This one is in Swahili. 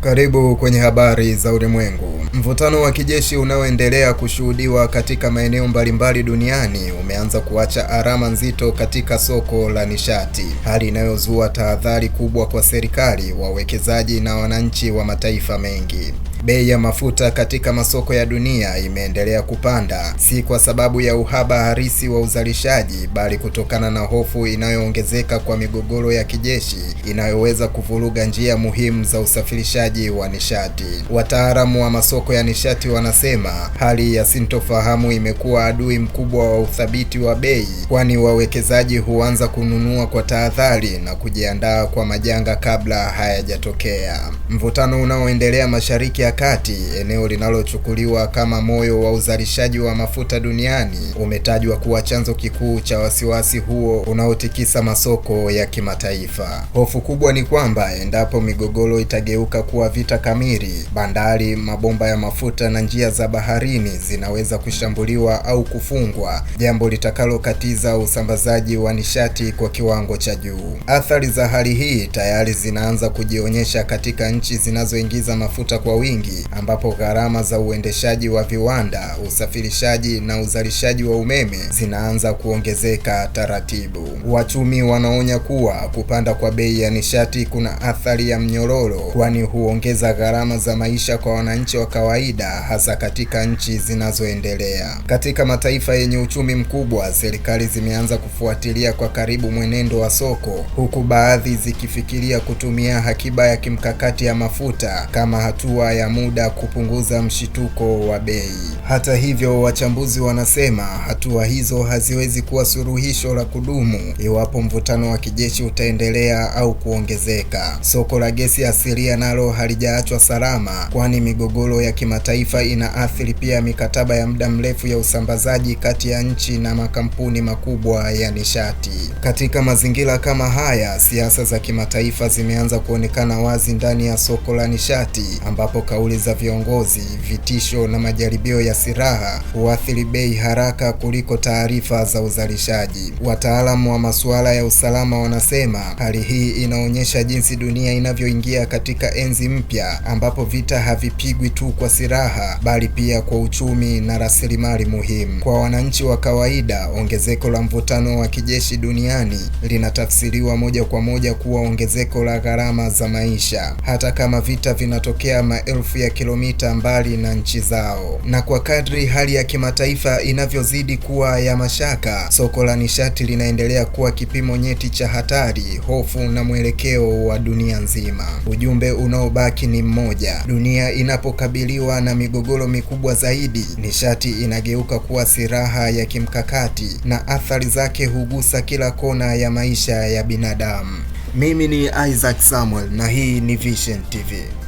Karibu kwenye habari za ulimwengu. Mvutano wa kijeshi unaoendelea kushuhudiwa katika maeneo mbalimbali duniani umeanza kuacha alama nzito katika soko la nishati, hali inayozua tahadhari kubwa kwa serikali, wawekezaji na wananchi wa mataifa mengi. Bei ya mafuta katika masoko ya dunia imeendelea kupanda, si kwa sababu ya uhaba halisi wa uzalishaji, bali kutokana na hofu inayoongezeka kwa migogoro ya kijeshi inayoweza kuvuruga njia muhimu za usafirishaji wa nishati. Wataalamu wa masoko ya nishati wanasema hali ya sintofahamu imekuwa adui mkubwa wa uthabiti wa bei, kwani wawekezaji huanza kununua kwa tahadhari na kujiandaa kwa majanga kabla hayajatokea. Mvutano unaoendelea mashariki ya Kati, eneo linalochukuliwa kama moyo wa uzalishaji wa mafuta duniani, umetajwa kuwa chanzo kikuu cha wasiwasi huo unaotikisa masoko ya kimataifa. Hofu kubwa ni kwamba endapo migogoro itageuka kuwa vita kamili, bandari, mabomba ya mafuta na njia za baharini zinaweza kushambuliwa au kufungwa, jambo litakalokatiza usambazaji wa nishati kwa kiwango cha juu. Athari za hali hii tayari zinaanza kujionyesha katika nchi zinazoingiza mafuta kwa wingi nyingi, ambapo gharama za uendeshaji wa viwanda, usafirishaji na uzalishaji wa umeme zinaanza kuongezeka taratibu. Wachumi wanaonya kuwa kupanda kwa bei ya nishati kuna athari ya mnyororo, kwani huongeza gharama za maisha kwa wananchi wa kawaida, hasa katika nchi zinazoendelea. Katika mataifa yenye uchumi mkubwa, serikali zimeanza kufuatilia kwa karibu mwenendo wa soko, huku baadhi zikifikiria kutumia akiba ya kimkakati ya mafuta kama hatua ya muda kupunguza mshituko wa bei. Hata hivyo, wachambuzi wanasema hatua hizo haziwezi kuwa suluhisho la kudumu iwapo mvutano wa kijeshi utaendelea au kuongezeka. Soko la gesi asilia nalo halijaachwa salama, kwani migogoro ya kimataifa inaathiri pia mikataba ya muda mrefu ya usambazaji kati ya nchi na makampuni makubwa ya nishati. Katika mazingira kama haya, siasa za kimataifa zimeanza kuonekana wazi ndani ya soko la nishati ambapo Kauli za viongozi, vitisho na majaribio ya silaha huathiri bei haraka kuliko taarifa za uzalishaji. Wataalamu wa masuala ya usalama wanasema hali hii inaonyesha jinsi dunia inavyoingia katika enzi mpya ambapo vita havipigwi tu kwa silaha bali pia kwa uchumi na rasilimali muhimu. Kwa wananchi wa kawaida, ongezeko la mvutano wa kijeshi duniani linatafsiriwa moja kwa moja kuwa ongezeko la gharama za maisha. Hata kama vita vinatokea maelfu maelfu ya kilomita mbali na nchi zao. Na kwa kadri hali ya kimataifa inavyozidi kuwa ya mashaka, soko la nishati linaendelea kuwa kipimo nyeti cha hatari, hofu na mwelekeo wa dunia nzima. Ujumbe unaobaki ni mmoja: dunia inapokabiliwa na migogoro mikubwa zaidi, nishati inageuka kuwa silaha ya kimkakati na athari zake hugusa kila kona ya maisha ya binadamu. Mimi ni Isaac Samuel na hii ni Vision TV.